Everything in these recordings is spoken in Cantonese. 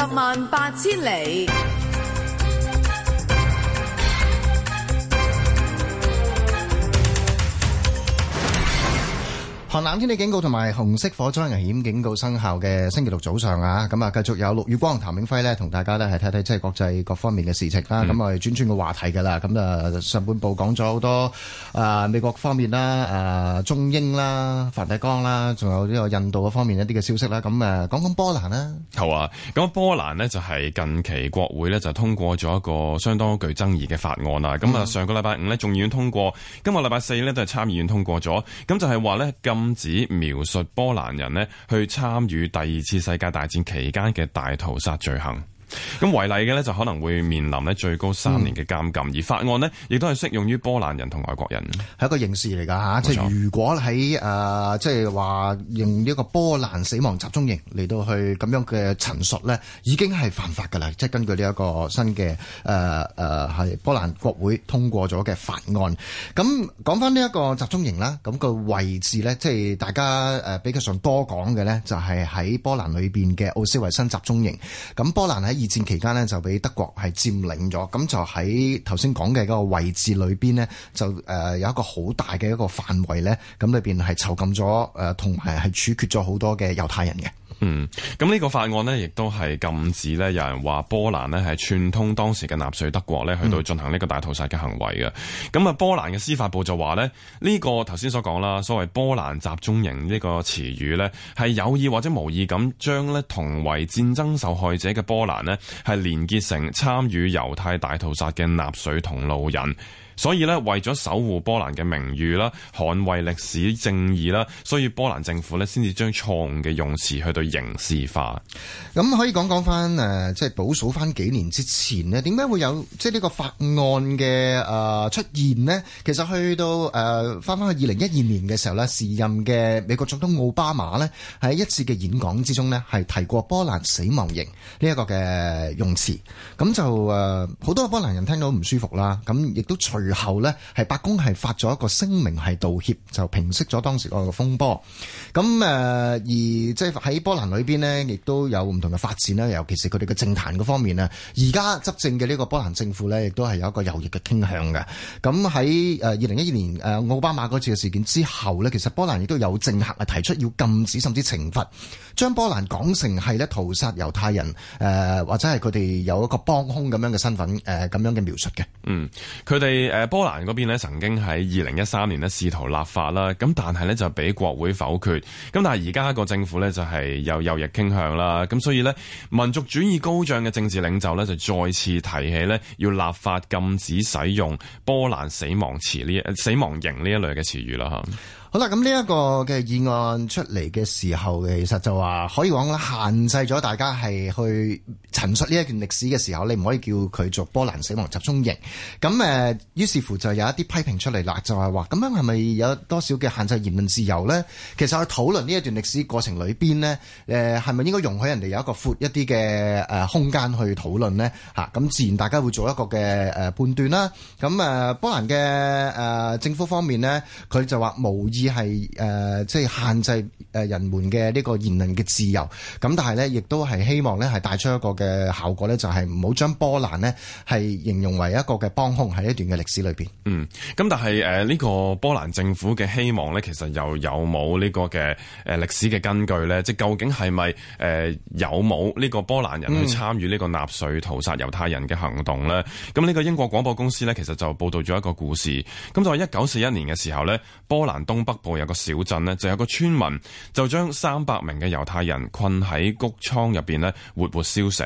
十萬八千里。寒冷天氣警告同埋紅色火災危險警告生效嘅星期六早上啊，咁啊，繼續有陸宇光譚永輝呢，同大家呢係睇睇即係國際各方面嘅事情啦。咁、嗯、我啊，轉轉個話題噶啦。咁啊，上半部講咗好多啊、呃、美國方面啦、啊、呃、中英啦、梵蒂岡啦，仲有呢個印度方面一啲嘅消息啦。咁啊，講講波蘭啦。好啊，咁波蘭呢，就係近期國會呢，就通過咗一個相當具爭議嘅法案啊。咁啊、嗯，上個禮拜五呢，眾議院通過，今日禮拜四、就是、呢，都係參議院通過咗。咁就係話呢。禁止描述波蘭人呢去參與第二次世界大戰期間嘅大屠殺罪行。咁違例嘅咧，就可能會面臨呢最高三年嘅監禁，嗯、而法案呢，亦都係適用於波蘭人同外國人，係一個刑事嚟噶吓。即係如果喺誒，即係話用呢個波蘭死亡集中營嚟到去咁樣嘅陳述咧，已經係犯法噶啦。即係根據呢一個新嘅誒誒係波蘭國會通過咗嘅法案。咁講翻呢一個集中營啦，咁、那個位置咧，即係大家誒比較上多講嘅咧，就係喺波蘭裏邊嘅奧斯維辛集中營。咁波蘭喺二戰期間呢，就俾德國係佔領咗，咁就喺頭先講嘅嗰個位置裏邊呢，就誒有一個好大嘅一個範圍呢。咁裏邊係囚禁咗誒同埋係處決咗好多嘅猶太人嘅。嗯，咁呢個法案呢，亦都係禁止呢有人話波蘭呢係串通當時嘅納粹德國呢去到進行呢個大屠殺嘅行為嘅。咁啊，波蘭嘅司法部就話呢，呢個頭先所講啦，所謂波蘭集中營呢個詞語呢，係有意或者無意咁將呢同為戰爭受害者嘅波蘭呢，係連結成參與猶太大屠殺嘅納粹同路人。所以咧，為咗守護波蘭嘅名譽啦、捍衛歷史正義啦，所以波蘭政府呢，先至將錯誤嘅用詞去到刑事化。咁可以講講翻誒，即係倒數翻幾年之前呢，點解會有即係呢個法案嘅誒、呃、出現呢？其實去到誒翻翻去二零一二年嘅時候呢，時任嘅美國總統奧巴馬呢，喺一次嘅演講之中呢，係提過波蘭死亡刑呢一個嘅用詞。咁就誒好、呃、多波蘭人聽到唔舒服啦，咁亦都隨然後呢，係白宮係發咗一個聲明，係道歉，就平息咗當時個風波。咁誒、呃，而即係喺波蘭裏邊呢，亦都有唔同嘅發展啦。尤其是佢哋嘅政壇嘅方面呢，而家執政嘅呢個波蘭政府呢，亦都係有一個右翼嘅傾向嘅。咁喺誒二零一二年誒、呃、奧巴馬嗰次嘅事件之後呢，其實波蘭亦都有政客係提出要禁止甚至懲罰，將波蘭講成係咧屠殺猶太人誒、呃，或者係佢哋有一個幫兇咁樣嘅身份誒，咁、呃、樣嘅描述嘅。嗯，佢哋。誒，波蘭嗰邊咧曾經喺二零一三年咧試圖立法啦，咁但係咧就俾國會否決。咁但係而家個政府咧就係有右翼傾向啦，咁所以咧民族主義高漲嘅政治領袖咧就再次提起咧要立法禁止使用波蘭死亡詞呢、死亡型呢一類嘅詞語啦。好啦，咁呢一個嘅議案出嚟嘅時候，其實就話可以講限制咗大家係去陳述呢一段歷史嘅時候，你唔可以叫佢做波蘭死亡集中營。咁誒，於是乎就有一啲批評出嚟啦，就係話咁樣係咪有多少嘅限制言論自由咧？其實去討論呢一段歷史過程裏邊咧，誒係咪應該容許人哋有一個闊一啲嘅誒空間去討論咧？吓，咁自然大家會做一個嘅誒判斷啦。咁誒，波蘭嘅誒政府方面咧，佢就話無。只係誒即係限制誒人們嘅呢個言論嘅自由，咁但係呢，亦都係希望呢係帶出一個嘅效果呢，就係唔好將波蘭呢係形容為一個嘅幫兇喺一段嘅歷史裏邊。嗯，咁但係誒呢個波蘭政府嘅希望呢，其實又有冇呢個嘅誒歷史嘅根據呢？即究竟係咪誒有冇呢個波蘭人去參與呢個納粹屠殺猶太人嘅行動呢？嗯，咁呢個英國廣播公司呢，其實就報道咗一個故事。咁就喺一九四一年嘅時候呢，波蘭東。北部有個小鎮呢，就有個村民就將三百名嘅猶太人困喺穀倉入邊呢，活活燒死。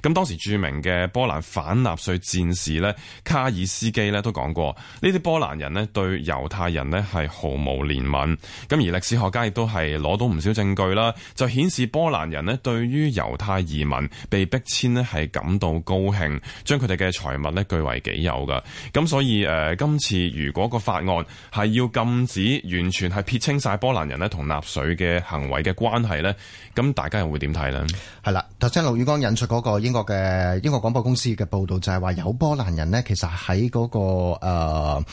咁當時著名嘅波蘭反納粹戰士呢，卡爾斯基呢都講過，呢啲波蘭人呢對猶太人呢係毫無憐憫。咁而歷史學家亦都係攞到唔少證據啦，就顯示波蘭人呢對於猶太移民被逼遷呢係感到高興，將佢哋嘅財物呢據為己有噶。咁所以誒、呃，今次如果個法案係要禁止完。完全係撇清晒波蘭人咧同納粹嘅行為嘅關係咧，咁大家又會點睇咧？係啦，頭先盧宇光引述嗰個英國嘅英國廣播公司嘅報道就係話有波蘭人咧，其實喺嗰、那個誒、呃、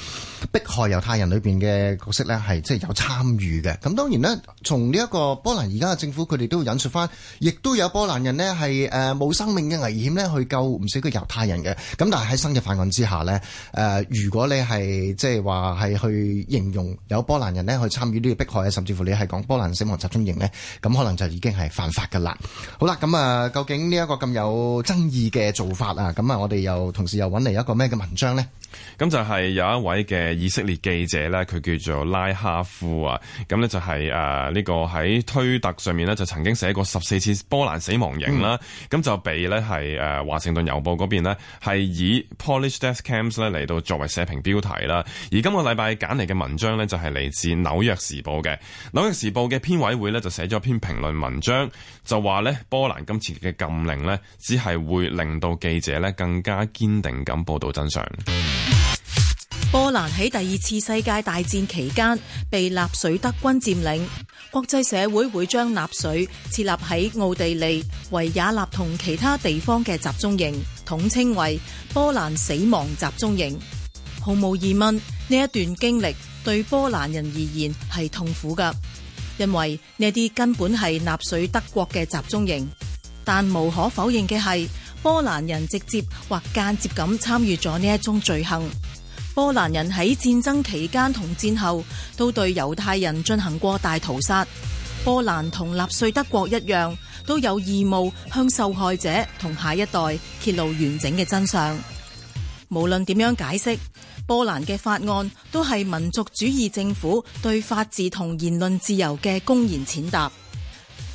迫害猶太人裏邊嘅角色咧，係即係有參與嘅。咁當然咧，從呢一個波蘭而家嘅政府，佢哋都引述翻，亦都有波蘭人咧係誒冇生命嘅危險咧去救唔少嘅猶太人嘅。咁但係喺新嘅法案之下咧，誒、呃、如果你係即係話係去形容有波蘭人。咧去參與呢個迫害啊，甚至乎你係講波蘭死亡集中營呢，咁可能就已經係犯法噶啦。好啦，咁啊，究竟呢一個咁有爭議嘅做法啊，咁啊，我哋又同時又揾嚟一個咩嘅文章呢？咁就係有一位嘅以色列記者咧，佢叫做拉哈夫啊。咁咧就係誒呢個喺推特上面咧，就曾經寫過十四次波蘭死亡營啦。咁、嗯、就被咧係誒華盛頓郵報嗰邊呢，係以 Polish Death Camps 咧，嚟到作為社評標題啦。而今個禮拜揀嚟嘅文章呢，就係嚟自紐約時報嘅紐約時報嘅編委會呢，就寫咗一篇評論文章，就話呢：「波蘭今次嘅禁令呢，只係會令到記者呢更加堅定咁報道真相。波蘭喺第二次世界大戰期間被納粹德軍佔領，國際社會會將納粹設立喺奧地利、維也納同其他地方嘅集中營統稱為波蘭死亡集中營。毫無疑問，呢一段經歷對波蘭人而言係痛苦噶，因為呢啲根本係納粹德國嘅集中營。但無可否認嘅係，波蘭人直接或間接咁參與咗呢一宗罪行。波蘭人喺戰爭期間同戰後都對猶太人進行過大屠殺。波蘭同納粹德國一樣，都有義務向受害者同下一代揭露完整嘅真相。無論點樣解釋，波蘭嘅法案都係民族主義政府對法治同言論自由嘅公然踐踏。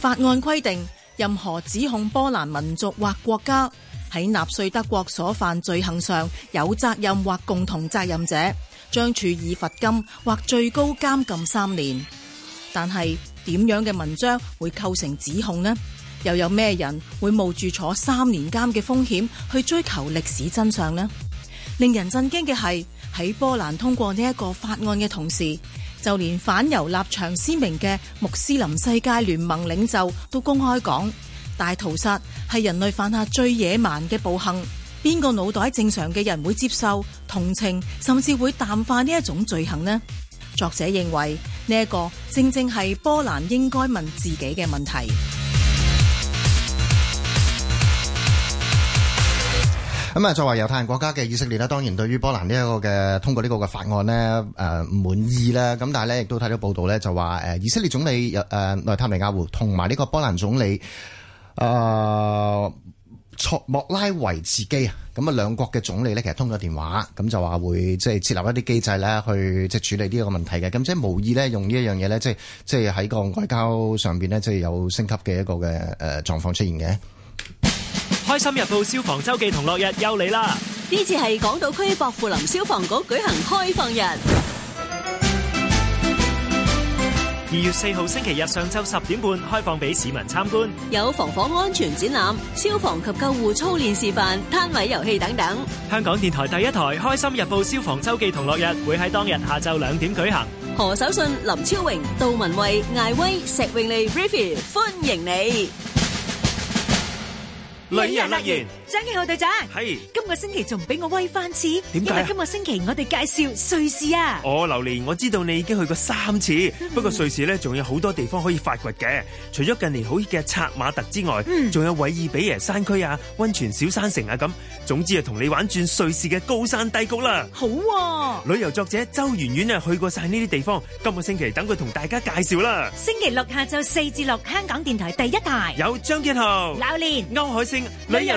法案規定，任何指控波蘭民族或國家。喺納粹德國所犯罪行上有責任或共同責任者，將處以罰金或最高監禁三年。但係點樣嘅文章會構成指控呢？又有咩人會冒住坐三年監嘅風險去追求歷史真相呢？令人震驚嘅係，喺波蘭通過呢一個法案嘅同時，就連反猶立場鮮明嘅穆斯林世界聯盟領袖都公開講。大屠殺係人類犯下最野蠻嘅暴行，邊個腦袋正常嘅人會接受同情，甚至會淡化呢一種罪行呢？作者認為呢一個正正係波蘭應該問自己嘅問題。咁啊，作為猶太人國家嘅以色列啦，當然對於波蘭呢一個嘅通過呢個嘅法案呢誒唔滿意啦。咁但係呢，亦都睇到報道呢，就話誒，以色列總理誒內塔尼亞胡同埋呢個波蘭總理。誒，uh, 莫拉維茨基啊，咁啊，兩國嘅總理呢，其實通咗電話，咁就話會即係設立一啲機制咧，去即係處理呢個問題嘅。咁即係無意呢，用呢一樣嘢呢，即係即係喺個外交上邊呢，即係有升級嘅一個嘅誒狀況出現嘅。開心日報消防周記同樂日又嚟啦！呢次係港島區薄扶林消防局舉行開放日。二月四號星期日上晝十點半開放俾市民參觀，有防火安全展覽、消防及救護操練示範、攤位遊戲等等。香港電台第一台《開心日報》消防周記同樂日會喺當日下晝兩點舉行。何守信、林超榮、杜文蔚、艾威、石永利 Riffy 歡迎你。女人樂園。張建豪隊長係，是今個星期仲唔俾我威翻次？為何因為今個星期我哋介紹瑞士啊。哦，榴蓮，我知道你已經去過三次，不過瑞士咧仲有好多地方可以發掘嘅。除咗近年好熱嘅策馬特之外，仲、嗯、有韋爾比耶山區啊、温泉小山城啊咁。總之啊，同你玩轉瑞士嘅高山低谷啦。好，旅遊作者周圓圓啊去過晒呢啲地方。今個星期等佢同大家介紹啦。星期六下晝四至六，香港電台第一台有張建豪、榴蓮念、歐海星、旅遊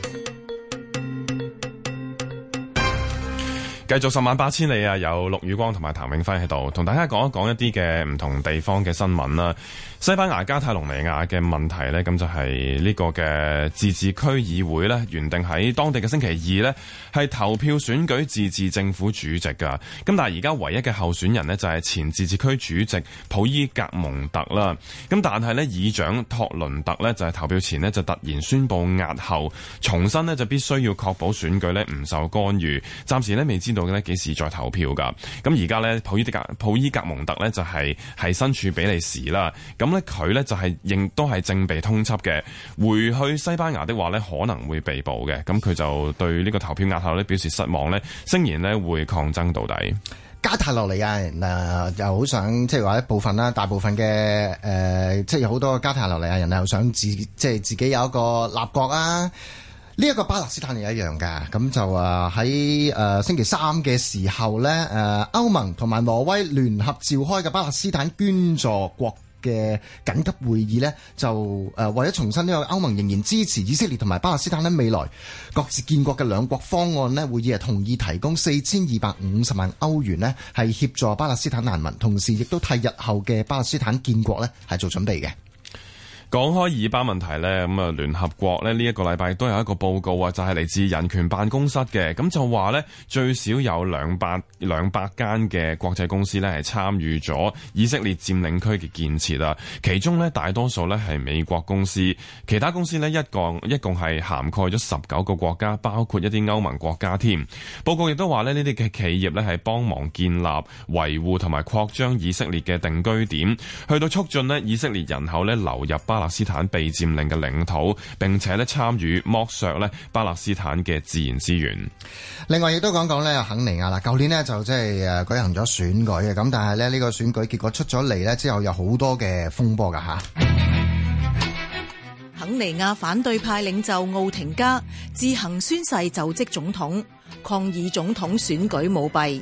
繼續十萬八千里啊！有陸宇光同埋譚永輝喺度，同大家講一講一啲嘅唔同地方嘅新聞啦。西班牙加泰隆尼亞嘅問題呢，咁就係呢個嘅自治區議會呢，原定喺當地嘅星期二呢，係投票選舉自治政府主席噶。咁但係而家唯一嘅候選人呢，就係、是、前自治區主席普伊格蒙特啦。咁但係呢，議長托倫特呢，就係、是、投票前呢，就突然宣布押後，重新呢，就必須要確保選舉呢唔受干預。暫時呢，未知道。咁咧幾時再投票噶？咁而家咧，普伊迪格、普伊格蒙特咧就係係身處比利時啦。咁咧佢咧就係仍都係正被通緝嘅。回去西班牙的話咧，可能會被捕嘅。咁佢就對呢個投票押後咧表示失望咧，聲言咧會抗爭到底。加泰羅尼亞人啊、呃，又好想即係話一部分啦，大部分嘅即係好多加泰羅尼亞人又想自即係自己有一個立國啊！呢一個巴勒斯坦亦係一樣噶，咁就啊喺誒星期三嘅時候呢，誒歐盟同埋挪威聯合召開嘅巴勒斯坦捐助國嘅緊急會議呢，就誒為咗重申呢個歐盟仍然支持以色列同埋巴勒斯坦咧未來各自建國嘅兩國方案呢，會議係同意提供四千二百五十萬歐元呢係協助巴勒斯坦難民，同時亦都替日後嘅巴勒斯坦建國呢係做準備嘅。講開以巴問題呢，咁啊聯合國呢，呢一個禮拜都有一個報告啊，就係、是、嚟自人權辦公室嘅，咁就話呢，最少有兩百兩百間嘅國際公司呢，係參與咗以色列佔領區嘅建設啦，其中呢，大多數呢係美國公司，其他公司呢，一共一共係涵蓋咗十九個國家，包括一啲歐盟國家添。報告亦都話呢，呢啲嘅企業呢，係幫忙建立、維護同埋擴張以色列嘅定居點，去到促進呢以色列人口呢流入巴。巴勒斯坦被佔領嘅領土，並且咧參與剝削咧巴勒斯坦嘅自然資源。另外，亦都講講咧肯尼亞啦，舊年咧就即係誒舉行咗選舉嘅，咁但係咧呢個選舉結果出咗嚟咧之後，有好多嘅風波噶嚇。肯尼亞反對派領袖奧廷加自行宣誓就職總統，抗議總統選舉舞弊。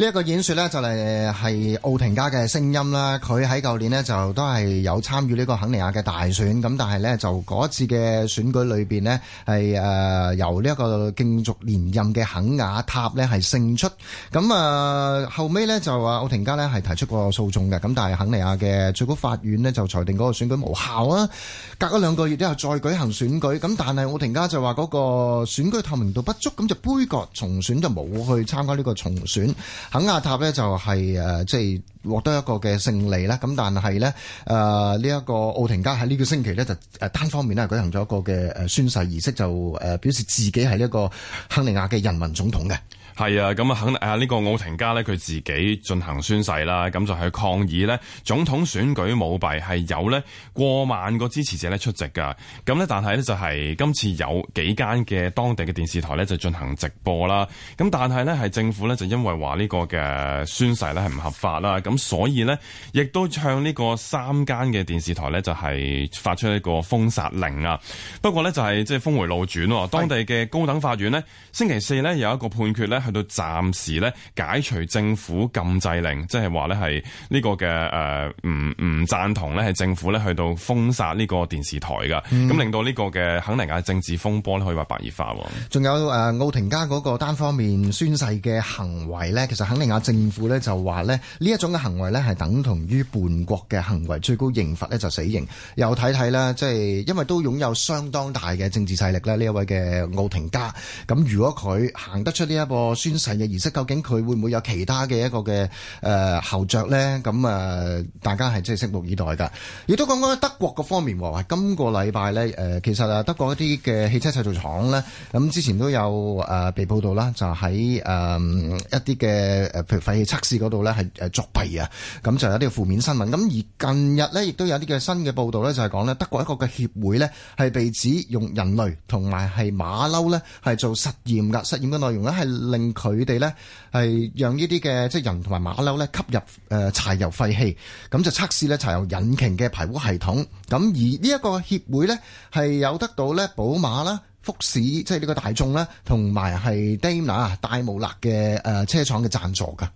呢一個演説呢，就嚟係奧廷加嘅聲音啦，佢喺舊年呢，就都係有參與呢個肯尼亞嘅大選，咁但係呢，就嗰次嘅選舉裏面呢，係誒由呢一個競逐連任嘅肯亞塔呢係勝出，咁啊後尾呢，就話奧廷加呢係提出過訴訟嘅，咁但係肯尼亞嘅最高法院呢，就裁定嗰個選舉無效啊，隔咗兩個月之後再舉行選舉，咁但係奧廷加就話嗰個選舉透明度不足，咁就杯葛重選，就冇去參加呢個重選。肯亞塔咧就係誒即係獲得一個嘅勝利啦，咁但係咧誒呢一個奧廷加喺呢個星期咧就誒單方面咧舉行咗一個嘅誒宣誓儀式，就誒表示自己係呢一個肯尼亞嘅人民總統嘅。係啊，咁啊，肯啊呢個奧廷加咧，佢自己進行宣誓啦，咁就係抗議呢，總統選舉舞弊係有呢過萬個支持者呢出席噶，咁呢，但係呢，就係今次有幾間嘅當地嘅電視台呢，就進行直播啦，咁但係呢，係政府呢，就因為話呢個嘅宣誓呢係唔合法啦，咁所以呢，亦都向呢個三間嘅電視台呢，就係發出一個封殺令啊。不過呢，就係即係峰回路轉，是當地嘅高等法院呢，星期四呢，有一個判決呢。去到暫時咧，解除政府禁制令，即係話咧係呢個嘅誒唔唔贊同咧，係政府咧去到封殺呢個電視台噶。咁、嗯、令到呢個嘅肯尼亞政治風波咧可以話白熱化。仲有誒奧廷加嗰個單方面宣誓嘅行為咧，其實肯尼亞政府咧就話咧呢一種嘅行為咧係等同於叛國嘅行為，最高刑罰咧就死刑。又睇睇啦，即係因為都擁有相當大嘅政治勢力咧，呢一位嘅奧廷加，咁如果佢行得出呢一步。宣誓嘅儀式，究竟佢會唔會有其他嘅一個嘅誒後著咧？咁、呃、誒大家係即係拭目以待噶。亦都講講德國個方面，話今個禮拜咧，誒、呃，其實啊，德國一啲嘅汽車製造廠咧，咁、呃、之前都有誒、呃、被報道啦，就喺、是、誒、呃、一啲嘅誒譬如廢氣測試嗰度咧，係誒、呃、作弊啊，咁就有啲負面新聞。咁而近日咧，亦都有啲嘅新嘅報道咧，就係講咧，德國一個嘅協會咧，係被指用人類同埋係馬騮咧，係做實驗噶，實驗嘅內容咧係令。佢哋咧係讓呢啲嘅即係人同埋馬騮咧吸入誒柴油廢氣，咁就測試咧柴油引擎嘅排污系統。咁而呢一個協會咧係有得到咧寶馬啦、福士即係呢個大眾啦，同埋係戴姆勒啊、戴姆勒嘅誒車廠嘅贊助噶。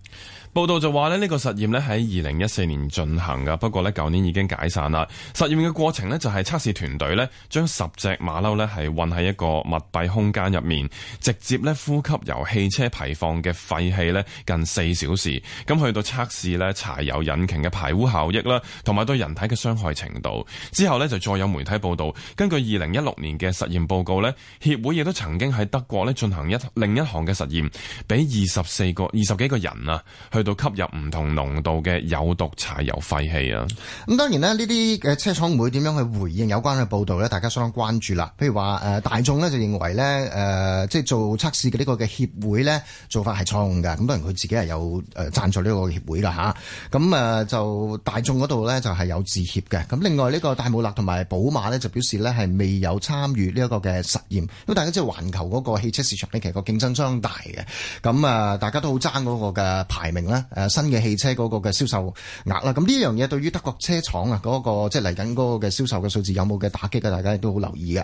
報道就話呢呢個實驗呢喺二零一四年進行嘅，不過呢舊年已經解散啦。實驗嘅過程呢，就係測試團隊呢將十隻馬騮呢係運喺一個密閉空間入面，直接呢呼吸由汽車排放嘅廢氣呢近四小時，咁去到測試呢柴油引擎嘅排污效益啦，同埋對人體嘅傷害程度。之後呢，就再有媒體報道，根據二零一六年嘅實驗報告呢，協會亦都曾經喺德國呢進行一另一項嘅實驗，俾二十四個二十幾個人啊去到吸入唔同濃度嘅有毒柴油廢氣啊。咁當然咧，呢啲嘅車廠會點樣去回應有關嘅報道咧？大家相當關注啦。譬如話誒大眾咧就認為咧，誒即係做測試嘅呢個嘅協會咧做法係錯誤嘅，咁當然佢自己係有誒贊助呢個協會啦吓。咁誒就大眾嗰度咧就係有致歉嘅。咁另外呢個戴姆勒同埋寶馬咧就表示咧係未有參與呢一個嘅實驗。咁大家即係環球嗰個汽車市場咧，其實個競爭相當大嘅。咁啊大家都好爭嗰個嘅排名。誒，新嘅汽車嗰個嘅銷售額啦，咁呢樣嘢對於德國車廠啊、那個，嗰、就是、個即係嚟緊嗰個嘅銷售嘅數字有冇嘅打擊呀？大家亦都好留意嘅。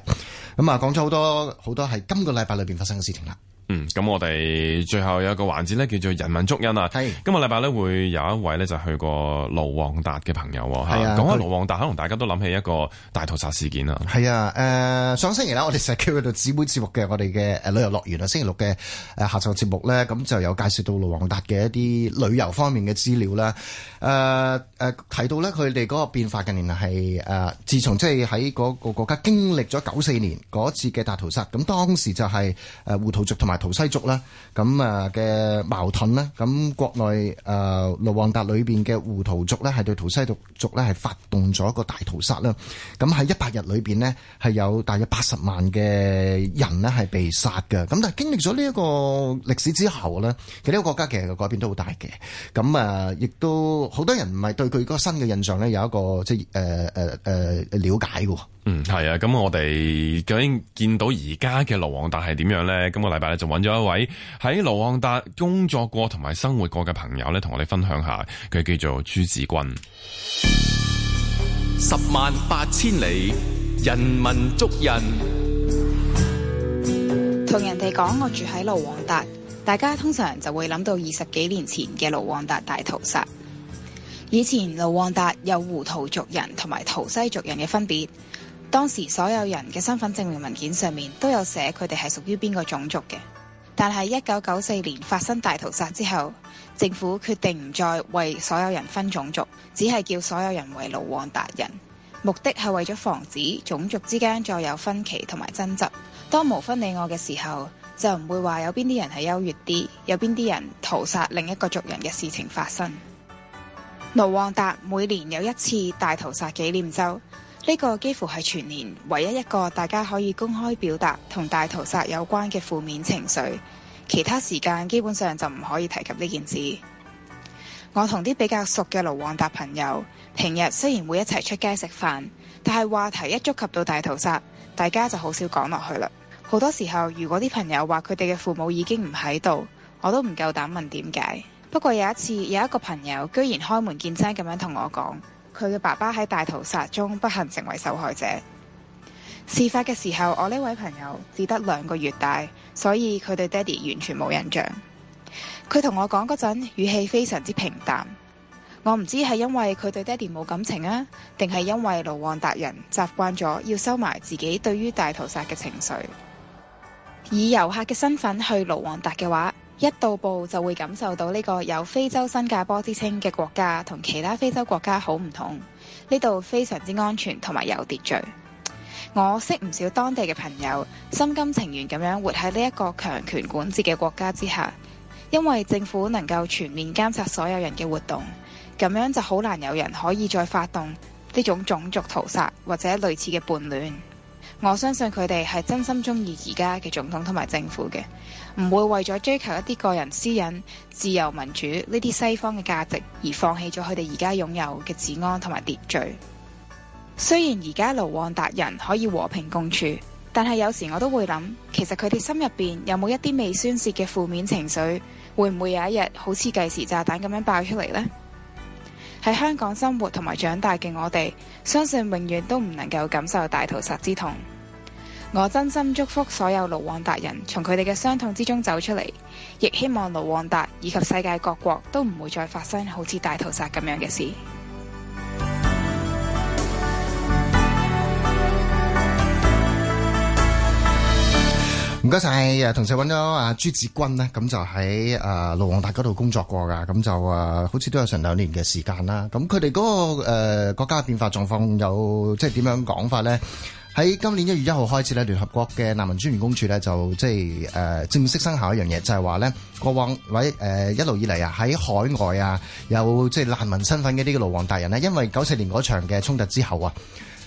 咁啊，講咗好多好多係今個禮拜裏邊發生嘅事情啦。嗯，咁我哋最後有一個環節咧，叫做人文足印啊。係是，今個禮拜咧會有一位咧就去過盧旺達嘅朋友係啊，講開盧旺達，他可能大家都諗起一個大屠殺事件啦。係啊，誒、呃，上星期咧我哋成日叫做姊妹節目嘅，我哋嘅誒旅遊樂園啊，星期六嘅誒下晝節目咧，咁就有介紹到盧旺達嘅一啲旅遊方面嘅資料啦。誒、呃、誒，提、呃、到咧佢哋嗰個變化近年係誒、呃，自從即係喺嗰個國家經歷咗九四年嗰次嘅大屠殺，咁當時就係誒胡圖族同埋。圖西族啦，咁啊嘅矛盾咧，咁國內誒盧旺達裏邊嘅胡圖族咧，係對圖西族族咧係發動咗一個大屠殺啦。咁喺一百日裏邊咧，係有大約八十萬嘅人咧係被殺嘅。咁但係經歷咗呢一個歷史之後咧，其實呢個國家其實個改變都好大嘅。咁啊，亦都好多人唔係對佢嗰個新嘅印象咧有一個即係誒誒誒了解嘅。嗯，係啊。咁我哋究竟見到而家嘅盧旺達係點樣咧？今個禮拜咧就。揾咗一位喺盧旺達工作過同埋生活過嘅朋友咧，同我哋分享下，佢叫做朱芷均。十萬八千里，人民族人同人哋講，我住喺盧旺達，大家通常就會諗到二十幾年前嘅盧旺達大屠殺。以前盧旺達有胡圖族人同埋圖西族人嘅分別，當時所有人嘅身份證明文件上面都有寫佢哋係屬於邊個種族嘅。但係一九九四年發生大屠殺之後，政府決定唔再為所有人分種族，只係叫所有人為盧旺達人。目的係為咗防止種族之間再有分歧同埋爭執。當無分你我嘅時候，就唔會話有邊啲人係優越啲，有邊啲人屠殺另一個族人嘅事情發生。盧旺達每年有一次大屠殺紀念周。呢個幾乎係全年唯一一個大家可以公開表達同大屠殺有關嘅負面情緒，其他時間基本上就唔可以提及呢件事。我同啲比較熟嘅盧旺達朋友，平日雖然會一齊出街食飯，但係話題一觸及到大屠殺，大家就好少講落去啦。好多時候，如果啲朋友話佢哋嘅父母已經唔喺度，我都唔夠膽問點解。不過有一次，有一個朋友居然開門見山咁樣同我講。佢嘅爸爸喺大屠殺中不幸成為受害者。事發嘅時候，我呢位朋友只得兩個月大，所以佢對爹哋完全冇印象。佢同我講嗰陣，語氣非常之平淡。我唔知係因為佢對爹哋冇感情啊，定係因為盧旺達人習慣咗要收埋自己對於大屠殺嘅情緒。以遊客嘅身份去盧旺達嘅話。一到埗就會感受到呢個有非洲新加坡之稱嘅國家同其他非洲國家好唔同。呢度非常之安全同埋有秩序。我識唔少當地嘅朋友，心甘情願咁樣活喺呢一個強權管治嘅國家之下，因為政府能夠全面監察所有人嘅活動，咁樣就好難有人可以再發動呢種種族屠殺或者類似嘅叛亂。我相信佢哋係真心中意而家嘅總統同埋政府嘅，唔會為咗追求一啲個人私隱自由民主呢啲西方嘅價值而放棄咗佢哋而家擁有嘅治安同埋秩序。雖然而家盧旺達人可以和平共處，但係有時我都會諗，其實佢哋心入邊有冇一啲未宣洩嘅負面情緒，會唔會有一日好似計時炸彈咁樣爆出嚟咧？喺香港生活同埋長大嘅我哋，相信永遠都唔能夠感受大屠殺之痛。我真心祝福所有盧旺達人從佢哋嘅傷痛之中走出嚟，亦希望盧旺達以及世界各國都唔會再發生好似大屠殺咁樣嘅事。唔該晒。同事揾咗阿朱芷均咧，咁就喺誒盧旺達嗰度工作過噶咁就、啊、好似都有成兩年嘅時間啦。咁佢哋嗰個誒、呃、國家嘅變化狀況有即係點樣講法咧？喺今年一月一號開始咧，聯合國嘅難民專員公署咧就即係誒正式生效一樣嘢，就係話咧過往喺誒一路以嚟啊喺海外啊有即係難民身份嘅呢個盧旺達人咧，因為九四年嗰場嘅衝突之後啊，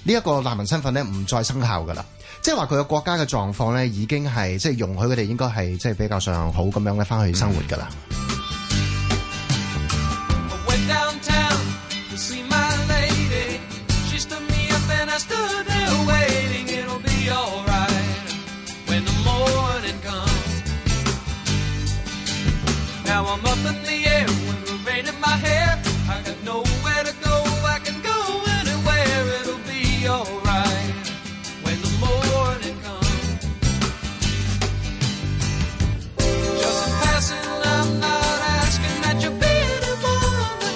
呢、這、一個難民身份咧唔再生效噶啦，即係話佢嘅國家嘅狀況咧已經係即係容許佢哋應該係即係比較上好咁樣咧翻去生活噶啦。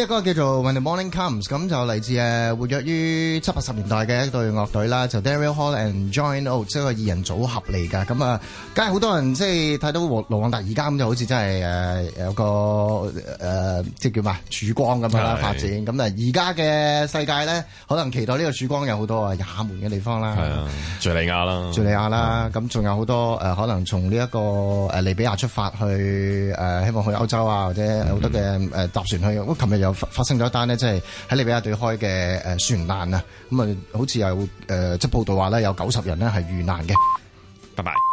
一個叫做 When the Morning Comes 咁就嚟自誒活躍於七八十年代嘅一對樂隊啦，就 Daryl Hall and John Oates 即係個二人組合嚟噶。咁啊，梗係好多人即係睇到盧旺達而家咁就好似真係誒有個誒、呃、即係叫咩曙光咁樣是發展。咁嗱，而家嘅世界咧，可能期待呢個曙光有好多啊，也門嘅地方，啊，啦，係啊敘利亞啦，敘利亞啦，咁仲有好多誒、呃、可能從呢一個誒利、呃、比亞出發去誒、呃、希望去歐洲啊，或者好多嘅誒搭船去。我琴日又。發生咗一單咧、就是呃，即係喺利比亞對開嘅誒船難啊，咁啊，好似有誒，即係報道話咧，有九十人咧係遇難嘅。拜拜。 Bye bye.